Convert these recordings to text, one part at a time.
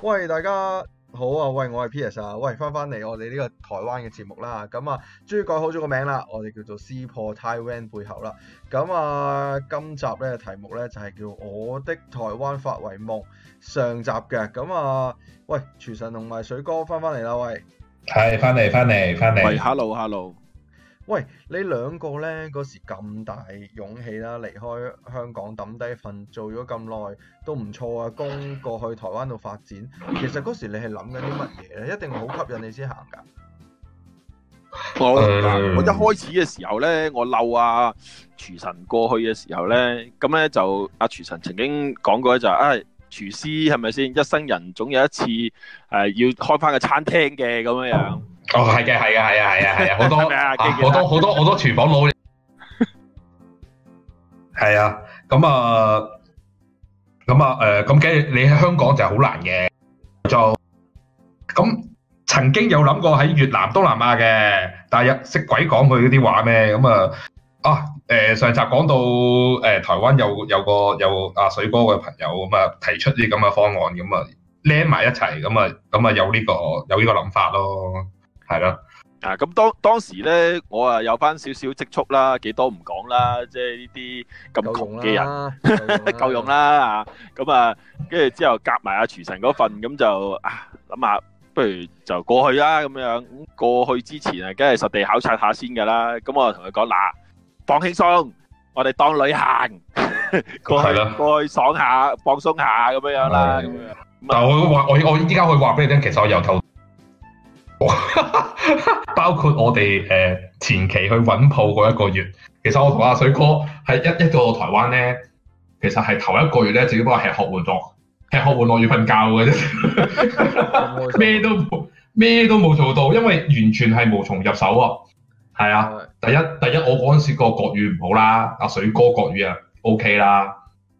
喂，大家好啊！喂，我係 Piers 啊！喂，翻翻嚟我哋呢個台灣嘅節目啦，咁啊，終於改好咗個名啦，我哋叫做撕破台灣背後啦。咁啊，今集咧題目咧就係、是、叫我的台灣發圍夢上集嘅。咁啊，喂，廚神同埋水哥翻翻嚟啦，喂，係翻嚟翻嚟翻嚟，hello hello。喂，你兩個咧嗰時咁大勇氣啦，離開香港揼低份做咗咁耐都唔錯啊！公過去台灣度發展，其實嗰時你係諗緊啲乜嘢咧？一定好吸引你先行㗎。我、嗯、我一開始嘅時候咧，我嬲啊！廚神過去嘅時候咧，咁咧就阿、啊、廚神曾經講過咧、就係，就、啊、係廚師係咪先？一生人總有一次誒、啊、要開翻個餐廳嘅咁樣樣。哦，係嘅，係嘅，係啊，係啊，係啊，好多，好多，好多，好多廚房佬。係啊，咁啊，咁啊，誒，咁梗你喺香港就係好難嘅就。咁曾經有諗過喺越南、東南亞嘅，但係又識鬼講佢嗰啲話咩？咁啊，啊，誒，上集講到誒台灣有有個有阿水哥嘅朋友咁啊，提出啲咁嘅方案，咁啊，攆埋一齊，咁啊，咁啊，有呢個有呢個諗法咯。係咯，啊咁當當時咧，我啊有翻少少積蓄啦，幾多唔講啦，即係呢啲咁窮嘅人夠用啦，啊咁啊，跟住之後夾埋阿廚神嗰份，咁就啊諗下，不如就過去啦，咁樣過去之前啊，梗係實地考察下先噶啦。咁我就同佢講嗱，放輕鬆，我哋當旅行，過去啦，過去爽下，放鬆下，咁樣樣啦，咁樣樣。但係我話我我依家可以話俾你聽，其實我有投。 包括我哋、呃、前期去揾鋪嗰一個月，其實我同阿水哥喺一到台灣呢，其實係頭一個月呢，自己幫我吃喝玩樂、吃喝玩樂要瞓覺嘅啫， 咩都咩都冇做到，因為完全係無從入手喎、啊。係啊是，第一第一我嗰陣時個國語唔好啦，阿水哥國語啊 OK 啦。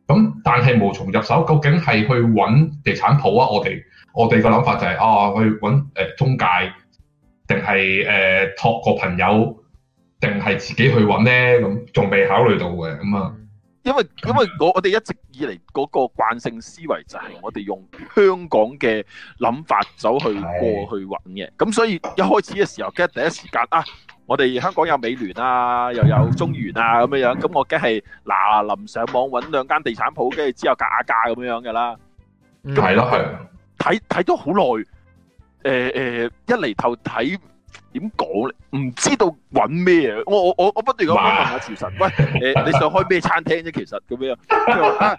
咁但係無從入手，究竟係去揾地產鋪啊？我哋我哋個諗法就係、是、啊，去揾誒中介，定係誒託個朋友，定係自己去揾呢？咁仲未考慮到嘅咁啊！因為因為我哋一直以嚟嗰個慣性思維就係我哋用香港嘅諗法走去過去揾嘅，咁所以一開始嘅時候 g e 第一時間啊！我哋香港有美聯啊，又有中原啊，咁樣樣，咁我梗係嗱臨上網揾兩間地產鋪，跟住之後格下價咁樣樣嘅啦。係、嗯、咯，係。睇睇咗好耐，一嚟頭睇點講，唔知道揾咩啊！我我我我不斷咁問下廚神，喂、呃、 你想開咩餐廳啫？其實咁樣。即係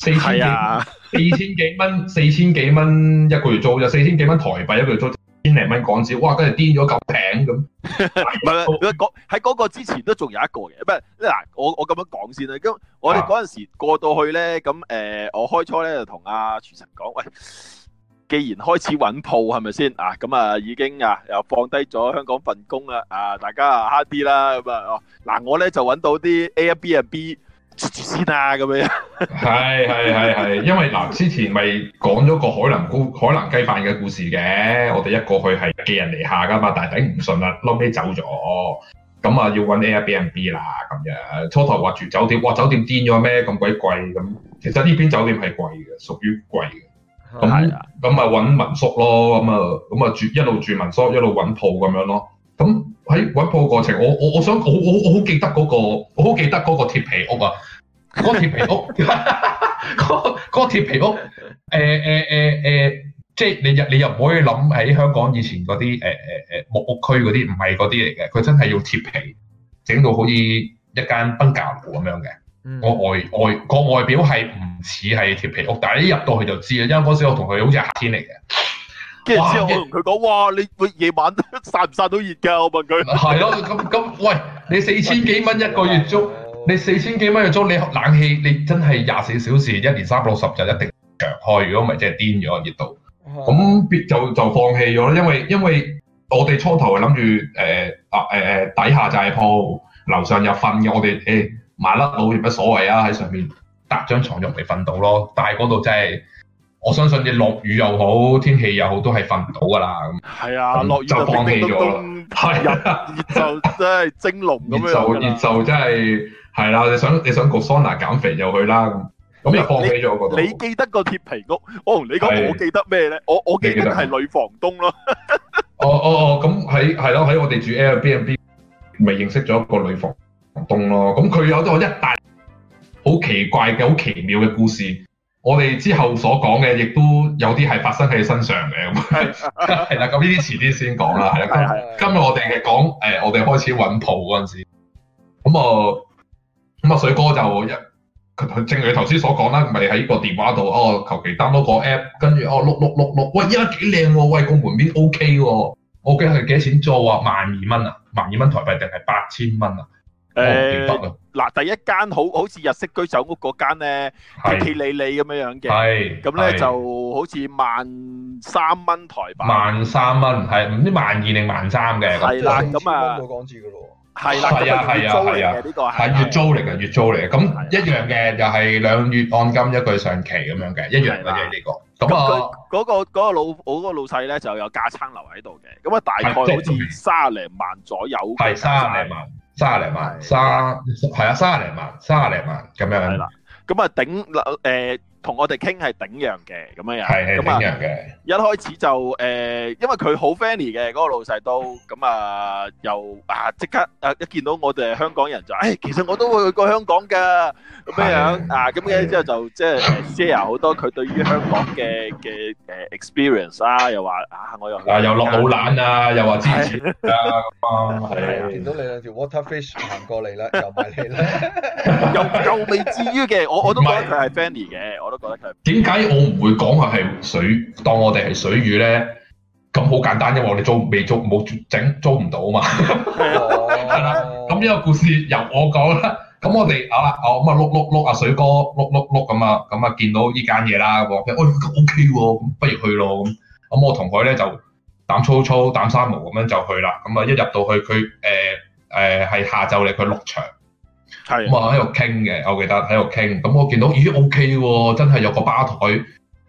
四千係啊，四千幾蚊， 四千幾蚊一個月租，就四千幾蚊台幣一個月租，千零蚊港紙，哇！真係癲咗咁平咁，唔喺嗰個之前都仲有一個嘅，唔係嗱，我我咁樣講先啦，咁我哋嗰陣時過到去咧，咁、啊、誒、呃、我開初咧就同阿廚神講，喂，既然開始揾鋪係咪先啊？咁啊已經啊又放低咗香港份工啦，啊大家啊，慳啲啦咁啊哦，嗱我咧就揾到啲 Airbnb 先 啊，咁樣係係係係， 因為嗱、呃、之前咪講咗個海南海南雞飯嘅故事嘅，我哋一過去係寄人籬下㗎嘛，但係頂唔順啦，攬尾走咗，咁啊要揾 Airbnb 啦，咁樣初頭話住酒店，哇酒店癲咗咩？咁鬼貴咁，其實呢邊酒店係貴嘅，屬於貴嘅，咁咁咪揾民宿咯，咁啊咁啊住一路住民宿，一路揾鋪咁樣咯。咁喺揾鋪過程，我我我想我我我好記得嗰、嗰個，我好記得嗰個鐵皮屋啊，嗰、嗰個鐵皮屋，嗰、 嗰個、嗰個、鐵皮屋，誒誒誒誒，即係你，你又你又唔可以諗喺香港以前嗰啲誒誒誒木屋區嗰啲，唔係嗰啲嚟嘅，佢真係要鐵皮整到好似一間賓館咁樣嘅、嗯，我外我外個外表係唔似係鐵皮屋，但係一入到去就知啊，因為嗰時我同佢好似夏天嚟嘅。哇！我同佢講，哇！你夜晚曬唔曬到熱㗎？我問佢。係 咯，咁咁，喂！你四千幾蚊一個月租，你四千幾蚊月租，你冷氣你真係廿四小時，一年三百六十日一定長開，如果唔係真係癲咗熱到。咁就就放棄咗啦，因為因為我哋初頭諗住誒啊誒誒，底下就係鋪，樓上又瞓嘅，我哋誒麻甩佬有乜所謂啊？喺上面搭張床用嚟瞓到咯。但係嗰度真係。我相信你落雨又好，天氣又好，都係瞓唔到噶啦。係 啊，落、嗯、雨就，就放棄咗啦。係，係啊、熱就真係蒸籠咁樣啦。 熱就熱就真係係啦。你想你想焗桑拿減肥又去啦。咁咁又放棄咗。你記得個鐵皮屋，我同你講，我記得咩咧？我我記得係女房東咯、 哦。哦哦哦，咁喺係咯，喺、啊、我哋住 Airbnb 咪認識咗一個女房東咯。咁佢有咗一大好奇怪嘅、好奇妙嘅故事。我哋之後所講嘅，亦都有啲係發生喺你身上嘅。咁，係 啦。 咁呢啲遲啲先講啦。係啦，今日我哋係講誒，我哋開始揾鋪嗰陣時，咁啊，咁啊，水哥就一，正如你頭先所講啦，咪喺個電話度哦，求其 down 多個 app，跟住哦碌碌碌碌喂，而家幾靚喎，喂個門面 OK 喎，我記得係幾多錢租啊？萬二蚊啊，萬二蚊台幣定係八千蚊啊？誒，嗱，第一間好好似日式居酒屋嗰間咧，切切理理咁樣樣嘅，咁咧就好似萬三蚊台幣，萬三蚊係唔知萬二定萬三嘅，係啦，咁啊，冇港紙噶咯，係啦，係啊，係啊，係啊，係月租嚟噶，月租嚟嘅，咁一樣嘅，就係兩月按金，一個月上期咁樣嘅，一樣嘅呢個，咁啊，嗰個嗰個老我嗰個老細咧就有架餐樓喺度嘅，咁啊大概好似三十零萬左右，係三十零萬。三十零萬，三係啊，三十零萬，三十零萬咁樣。咁啊頂、呃同我哋傾係頂陽嘅咁樣樣，係係頂嘅。一開始就誒、呃，因為佢好 friendly 嘅嗰個老細都咁、嗯呃、啊，又啊即刻啊一見到我哋香港人就誒、哎，其實我都會去過香港㗎咁樣樣啊，咁嘅之後就即係 share 好多佢對於香港嘅嘅誒 experience 啊，又話啊我又又落老卵啊，又話支持啊，咁啊係見到你兩條 water fish 行 過嚟啦， 又咪你又又未至於嘅， 我我都覺得佢係 friendly 嘅。點解我唔會講佢係水？當我哋係水魚咧，咁好簡單，因為我哋租未租冇整租唔到啊嘛。係 啦，oh.，咁呢個故事由我講啦。咁、嗯、我哋啊啦啊咁啊碌碌碌啊水哥碌碌碌咁啊咁啊見到呢間嘢啦，我哎 OK 喎，不如去咯咁。咁我同佢咧就膽粗粗膽生毛咁樣就去啦。咁啊一入到去佢誒誒係下晝嚟，佢六場。係咁啊，喺度傾嘅，我記得喺度傾。咁我見到咦，O K 喎，真係有個吧台，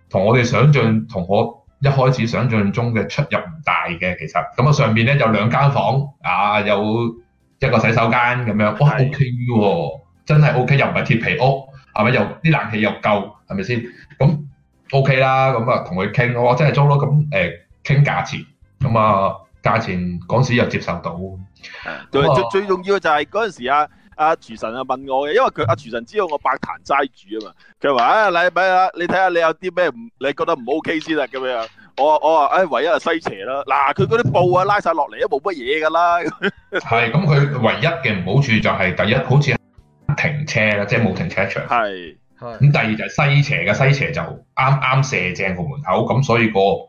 同我哋想象，同我一開始想象中嘅出入唔大嘅。其實咁啊，上面咧有兩間房啊，有一個洗手間咁樣，都係 O K 喎，真係 O K，又唔係鐵皮屋，係咪又啲冷氣又夠，係咪先？咁 O K 啦，咁啊同佢傾，哇真係租咯，咁誒傾價錢，咁啊價錢嗰時又接受到。最最重要嘅就係嗰陣時啊。阿、啊、廚神啊問我嘅，因為佢阿、啊、廚神知道我白檀齋煮啊嘛，佢話，啊，你俾啊，你睇下你有啲咩唔，你覺得唔 OK 先啦，咁樣。我我話，唉、哎，唯一係西斜啦。嗱，佢嗰啲布啊，布拉晒落嚟都冇乜嘢噶啦。係，咁佢唯一嘅唔好處就係、是、第一好似停車啦，即係冇停車場。係咁第二就係西斜嘅，西斜就啱啱射正個門口，咁所以、那個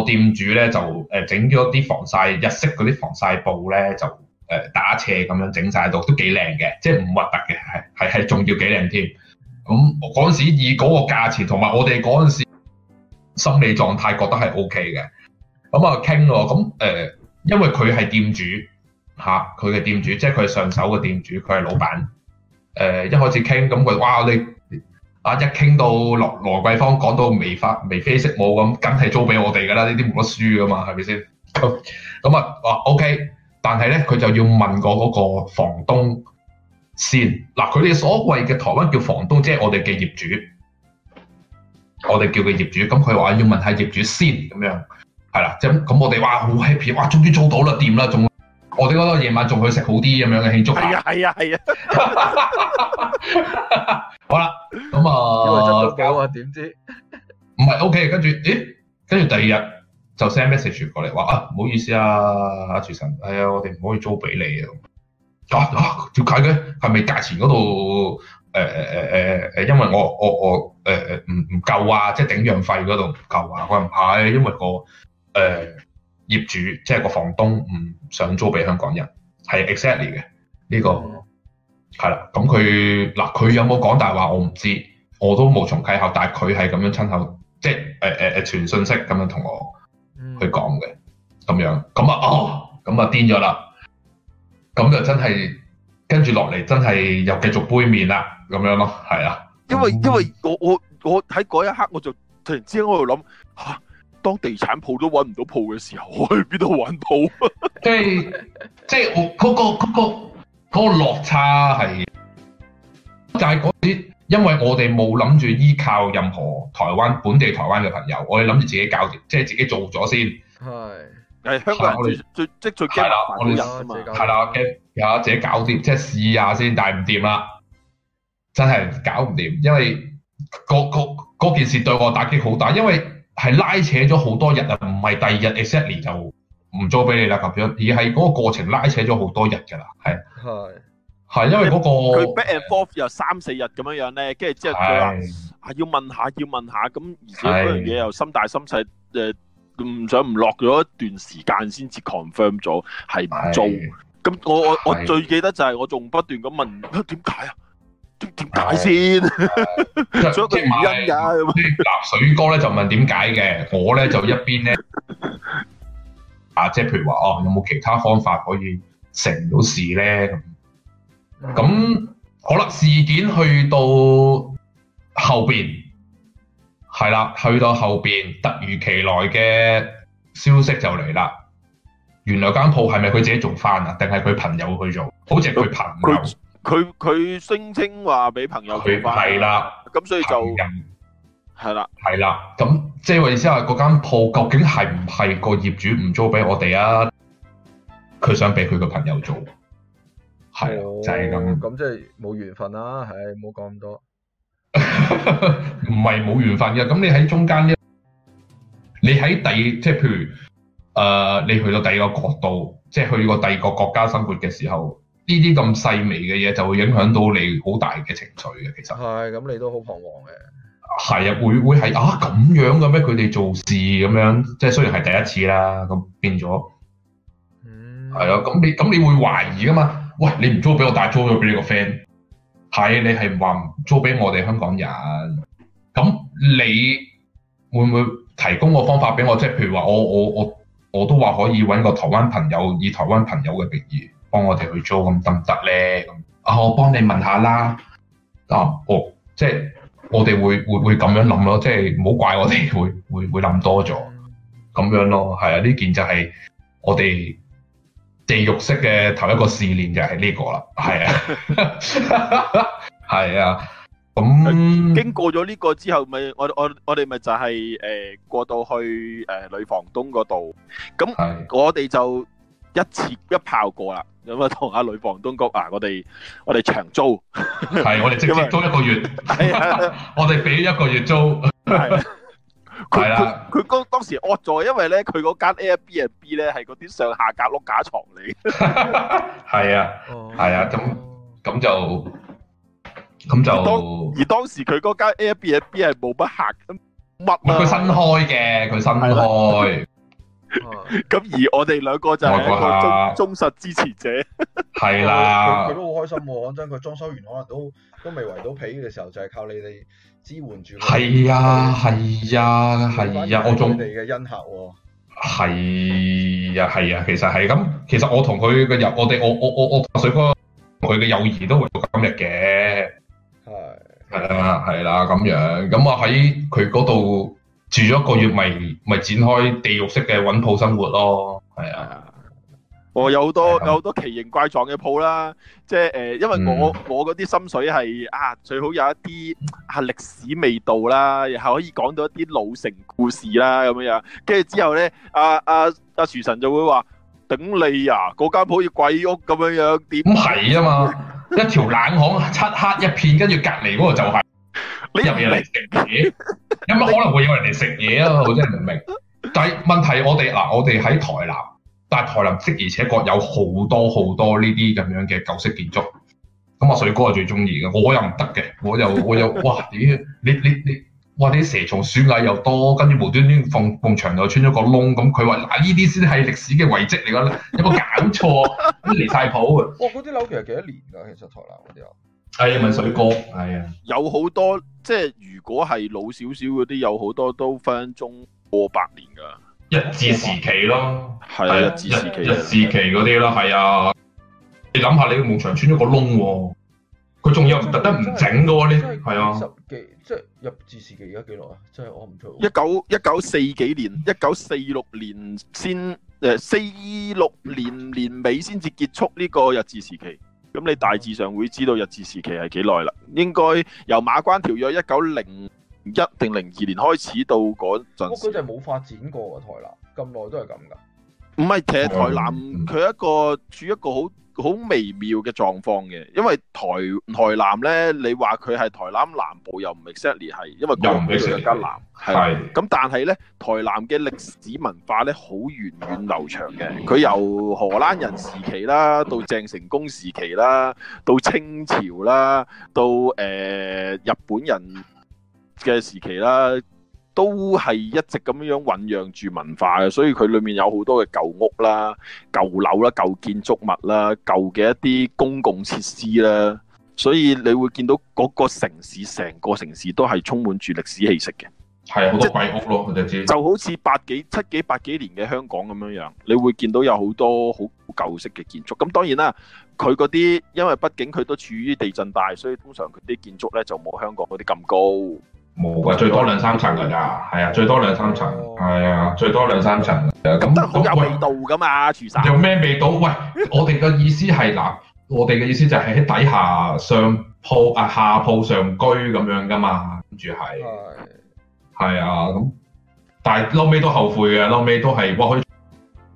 個店主咧就誒整咗啲防曬日式嗰啲防曬布咧就。誒，打斜咁樣整晒度，都幾靚嘅，即係唔核突嘅，係係係仲要幾靚添。咁嗰陣時以嗰個價錢，同埋我哋嗰陣時心理狀態覺得係 O K 嘅。咁啊，傾咯。咁、呃、誒，因為佢係店主吓，佢、啊、嘅店主，即係佢係上手嘅店主，佢係老闆。誒、呃，一開始傾，咁佢哇，你啊，一傾到羅羅桂芳講到眉發眉飛色舞咁，梗係租俾我哋噶啦，呢啲冇乜輸噶嘛，係咪先？咁咁啊，哇，O K。但係呢，佢就要問過嗰個房東先。嗱，佢哋所謂嘅台灣叫房東，即係我哋嘅業主，我哋叫佢業主。咁佢話要問下業主先，咁樣係啦。咁我哋哇好 happy，哇終於做到啦，掂啦，仲我哋嗰個夜晚仲去食好啲咁樣嘅慶祝。係呀，係呀，係呀。好啦，咁啊，九啊，點知唔係 OK？跟住，咦？跟住第二日。就 send message 過嚟話啊，唔好意思啊，阿廚神，哎啊，我哋唔可以租俾你啊。啊啊，點解嘅？係咪價錢嗰度？誒、呃呃、因為我我我誒唔唔夠啊，即、就、係、是、頂讓費嗰度唔夠啊。我話唔係，哎，因為、那個誒、呃、業主即係、就是、個房東唔想租俾香港人，係 exactly 嘅呢，這個係啦。咁佢嗱佢有冇講大話？我唔知，我都無從稽考，但係佢係咁樣親口即係誒誒誒傳信息咁樣同我。佢講嘅咁樣咁啊哦咁啊癲咗啦咁就真係跟住落嚟真係又繼續杯麪啦咁樣咯係啊因為因為我我我喺嗰一刻我就突然之間喺度諗吓當地產鋪都揾唔到鋪嘅時候我去邊度揾鋪即係即係嗰個嗰個嗰個落差係。就係嗰啲，因為我哋冇諗住依靠任何台灣本地台灣嘅朋友，我哋諗住自己搞掂，即係自己做咗先。係，係香港諗即係最近嘅反應啊嘛。係啦 OK，有一自己搞掂，okay，即係試下先，但係唔掂啦，真係搞唔掂，因為嗰件事對我打擊好大，因為係拉扯咗好多日啊，唔係第二日 exactly 就唔租俾你啦咁樣，而係嗰個過程拉扯咗好多日㗎啦，係。係。係，因為嗰、那個佢 back and forth 又三四日咁樣樣咧，跟住之後佢話係要問下，要問下，咁而且嗰樣嘢又心大心細，誒唔、呃、想唔落咗一段時間先至 confirm 咗係唔做。咁我我我最記得就係我仲不斷咁問，點解啊？點點解先？所以佢唔因噶嗱， 水哥咧就問點解嘅，我咧就一邊咧 啊，即係譬如話哦、啊，有冇其他方法可以成到事咧咁好啦，事件去到後邊係啦，去到後邊，突如其來嘅消息就嚟啦。原來間鋪係咪佢自己做翻啊？定係佢朋友去做？好似係佢朋友，佢佢聲稱話俾朋友佢係啦。咁所以就係啦，係啦。咁即係意思係嗰間鋪究竟係唔係個業主唔租俾我哋啊？佢想俾佢個朋友做。係，就係、是、咁。咁、哦、即係冇緣分啦，係，冇講咁多。唔係冇緣分嘅，咁你喺中間一，你喺第，即係譬如，誒、呃，你去到第二個國度，即係去過第二個國家生活嘅時候，呢啲咁細微嘅嘢就會影響到你好大嘅情緒嘅，其實。係，咁你都好彷徨嘅。係啊，會會係啊，咁樣嘅咩？佢哋做事咁樣，即係雖然係第一次啦，咁變咗，係、嗯、咯，咁你咁你會懷疑㗎嘛？喂，你唔租俾我，但租咗俾你個 friend，係你係話唔租俾我哋香港人，咁你會唔會提供個方法俾我？即係譬如話，我我我我都話可以揾個台灣朋友，以台灣朋友嘅名義幫我哋去租，咁得唔得咧？啊，我幫你問下啦。啊，哦即係我哋會會會咁樣諗咯，即係唔好怪我哋會會會諗多咗，咁樣咯，係啊，呢件就係我哋。地獄式嘅頭一個試煉就係呢個啦，係啊，係啊，咁經過咗呢個之後，咪我我我哋咪就係誒過到去誒女房東嗰度，咁我哋就一次一炮過啦，咁啊同阿女房東講啊，我哋我哋長租，係我哋直接租一個月，我哋俾一個月租。係啦，佢嗰當時惡咗，因為咧佢嗰間 Airbnb 咧係嗰啲上下格碌架床嚟，係 啊，係啊，咁咁、啊、就咁就。而當，而當時佢嗰間 Airbnb 係冇乜客咁乜佢新開嘅，佢新開。咁、啊啊、 而我哋兩個就係一個忠忠、啊、實支持者。係啦、啊，佢、 啊、都好開心喎、啊，講真，佢裝修完可能都。都未圍到皮嘅時候，就係、是、靠你哋支援住、啊啊啊啊、我。係呀、哦，係呀、啊，係呀、啊，我仲你嘅恩客喎。係呀，係呀，其實係咁，其實我同佢嘅友，我哋我我我我水哥，佢嘅友誼都維到今日嘅。係。係啦、啊，係啦、啊，咁樣咁我喺佢嗰度住咗一個月，咪咪展開地獄式嘅揾鋪生活咯。係啊。我、哦、有好多、嗯、有好多奇形怪狀嘅鋪啦，即係誒，因為我、嗯、我嗰啲心水係啊，最好有一啲啊歷史味道啦，然後可以講到一啲老城故事啦咁樣樣。跟住之後咧，阿阿阿樹神就會話頂你啊，嗰間鋪似鬼屋咁樣樣，點？咁係啊嘛， 一條冷巷漆黑一片，跟住隔籬嗰個就係入嚟嚟食嘢，有乜 可能會有人嚟食嘢啊？我真係唔明。 但係問題我哋嗱，我哋喺台南。但係台南即而且確有好多好多呢啲咁樣嘅舊式建築，咁阿水哥係最中意嘅，我又唔得嘅，我又我又哇，咦？你你你，哇！啲蛇蟲鼠蟻又多，跟住無端端放放牆又穿咗個窿，咁佢話嗱，呢啲先係歷史嘅遺跡嚟㗎，有冇搞錯， 離晒譜啊！哇、哦！嗰啲樓其實幾多年㗎？其實台南嗰啲啊，係、哎、問水哥係啊、哎，有好多即係如果係老少少嗰啲，有好多都分中過百年㗎。日治時期咯，係啊，啊，啊，啊，日治時期、日、啊啊啊啊啊啊啊啊、治時期嗰啲啦，係啊。你諗下，你個墓牆穿咗個窿喎，佢仲有唔特登唔整嘅喎？呢係啊。十幾即係日治時期，而家幾耐啊？即係我唔做。一九一九四幾年，一九四六年先誒、呃，四六年年尾先至結束呢個日治時期。咁你大致上會知道日治時期係幾耐啦？應該由馬關條約一九零。一定零二年開始到嗰陣，不過佢冇發展過喎。台南咁耐都係咁噶，唔係其實台南佢、嗯、一個處於一個好好微妙嘅狀況嘅，因為台台南呢，你話佢係台南南部又唔係 city 係，因為又唔係佢嘅吉南係咁，但係呢，台南嘅歷史文化呢，好源遠流長嘅。佢由荷蘭人時期啦，到鄭成功時期啦，到清朝啦，到誒、呃、日本人。嘅時期啦，都係一直咁樣樣醖釀住文化嘅，所以佢裏面有好多嘅舊屋啦、舊樓啦、舊建築物啦、舊嘅一啲公共設施啦，所以你會見到嗰個城市成個城市都係充滿住歷史氣息嘅，係好、啊、多貴屋咯，就係好似八幾七幾八幾年嘅香港咁樣樣，你會見到有好多好舊式嘅建築。咁當然啦，佢嗰啲因為畢竟佢都處於地震帶，所以通常佢啲建築呢就冇香港嗰啲咁高。冇啊！最多兩三層㗎咋，係啊！最多兩三層，係啊！最多兩三層。咁、哦、好有味道㗎嘛，廚師。有咩味道？喂， 我哋嘅意思係嗱，我哋嘅意思就係喺底下上鋪啊，下鋪上居咁樣㗎嘛，跟住係。係啊，咁但係後尾都後悔嘅，後尾都係哇，開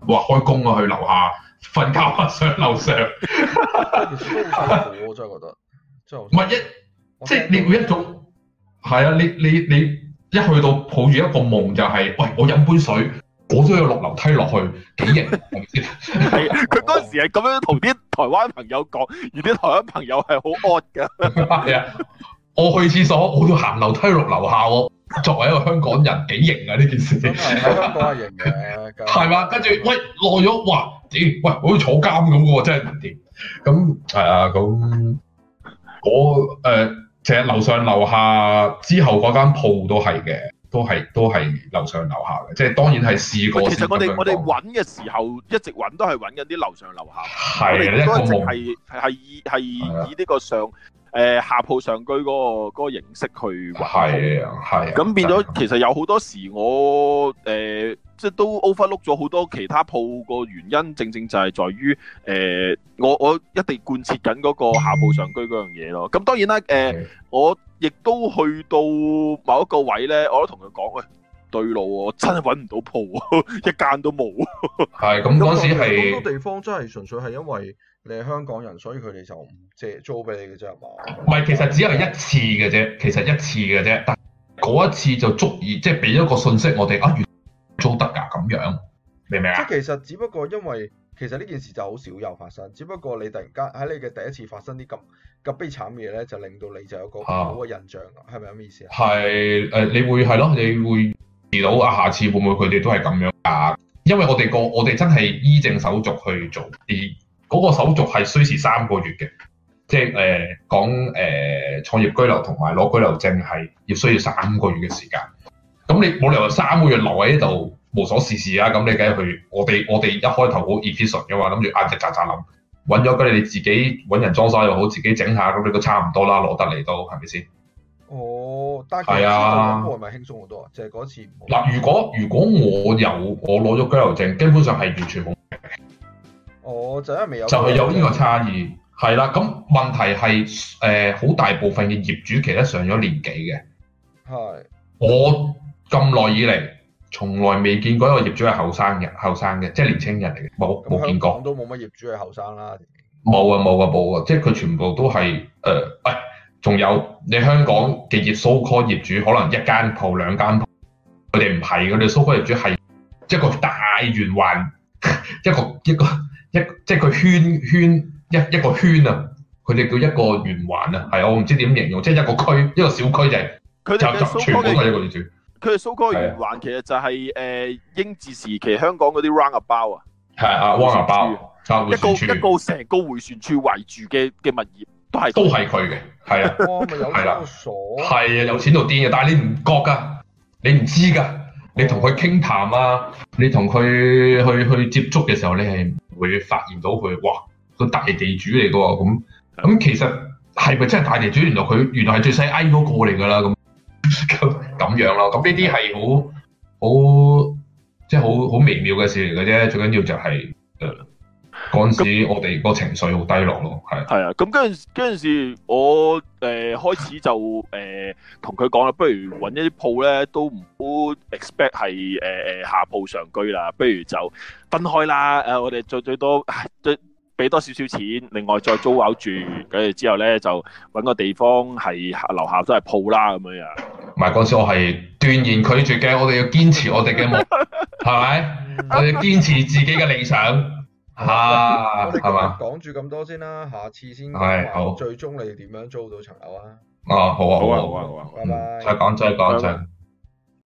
話開工啊，去樓下瞓覺啊，上樓上。 我真係覺得，真係唔係一即係另外一種。係啊，你你你一去到抱住一個夢就係、是，喂，我飲杯水，我都要落樓梯落去，幾型？係佢嗰時係咁樣同啲台灣朋友講，而啲台灣朋友係好 odd 噶。係啊，我去廁所我要行樓梯落樓下喎。作為一個香港人，幾型啊呢件事？嗯、香港係型嘅，係嘛？跟 住喂落咗，哇！屌、哎，喂，好似坐監咁喎，真係唔掂。咁係啊，咁我誒。其實樓上樓下之後嗰間鋪都係嘅，都係都係樓上樓下嘅，即係當然係試過先。其實我哋我哋揾嘅時候一直揾都係揾緊啲樓上樓下，係係係樓樓下係係我哋都係係係以係以呢個上。誒下鋪上居嗰個形式去係係，咁變咗其實有好多時我誒、呃、即係都 overlook 咗好多其他鋪個原因，正正就係在於誒、呃、我我一定貫徹緊嗰個下鋪上居嗰樣嘢咯。咁當然啦，誒、呃 okay. 我亦都去到某一個位咧，我都同佢講喂，對路喎，我真係揾唔到鋪喎，一間都冇。係，咁當時係好多地方真係純粹係因為，你係香港人，所以佢哋就唔借租俾你嘅啫，係嘛？唔係，其實只係一次嘅啫，其實一次嘅啫。但嗰一次就足以，即係俾一個信息我哋啊，月租得噶咁樣，明唔明啊？即係其實只不過因為其實呢件事就好少有發生，只不過你突然間喺你嘅第一次發生啲咁咁悲慘嘅嘢咧，就令到你就有個好嘅印象，係咪咁嘅意思啊？係誒、呃，你會係咯，你會遇到啊，下次會唔會佢哋都係咁樣啊？因為我哋個我哋真係依正手續去做啲。嗰、那個手續係需時三個月嘅，即係誒、呃、講誒、呃、創業居留同埋攞居留證係要需要三個月嘅時間。咁你冇理由三個月留喺呢度無所事事啊！咁你梗係去我哋我哋一開頭好 efficient 嘅話諗住壓隻喳喳諗揾咗佢哋，你自己揾人裝修又好，自己整下，咁你都差唔多啦，攞得嚟都係咪先？哦，但係嗰係咪輕鬆好多啊？就係、是、嗰次。嗱，如果如果我有我攞咗居留證，基本上係完全冇。哦，就因有、那個，就係有呢個差異，係啦。咁問題係誒，好、呃、大部分嘅業主其實上咗年紀嘅，我咁耐以嚟，從來未見過一個業主係後生嘅，後生嘅，即係年青人嚟嘅，冇冇見過。都冇乜業主係後生啦。冇啊冇啊冇啊！即係佢全部都係誒，唔、呃、仲、哎、有你香港嘅業 so-called 業主，可能一間鋪兩間鋪，佢哋唔係，佢哋 so-called 業主係一個大圓環，一個一個。一個一即係佢圈圈一一個圈啊，佢哋叫一個圓環啊，係啊，我唔知點形容，即係一個區一個小區就係、佢哋嘅小區就集村嘅，佢係蘇哥圓環，其實就係誒英治時期香港嗰啲 roundabout 啊，係啊，roundabout 一個一個成個、啊、回旋處，處圍住嘅嘅物業都係都係佢嘅，係啊，係啦，係 啊，啊，有錢到癲嘅，但係你唔覺㗎，你唔知㗎。你同佢傾談啊，你同佢去去接觸嘅時候，你係會發現到佢，哇，個大地主嚟㗎喎，咁咁其實係咪真係大地主？原來佢原來係最細矮嗰個嚟㗎啦，咁咁樣咯，咁呢啲係好好即係好好微妙嘅事嚟嘅啫，最緊要就係誒。嗰陣時,、啊、時，時我哋個情緒好低落咯，係、呃。係啊，咁嗰陣嗰陣時，我誒開始就誒同佢講啦，不如揾一啲鋪咧，都唔好 expect 係誒誒下鋪上居啦。不如就分開啦。誒，我哋最最多即俾、啊、多少少錢，另外再租樓住。跟住之後咧，就揾個地方係樓下都係鋪啦咁樣。唔係，嗰陣我係斷然拒絕嘅。我哋要堅持我哋嘅夢，係 咪？我哋堅持自己嘅理想。 啊，係咪？我哋今日講住咁多先啦，下次先話最終你點樣租到層樓啊，啊，啊，啊？好啊，好啊，好啊，好啊，拜拜！再講再講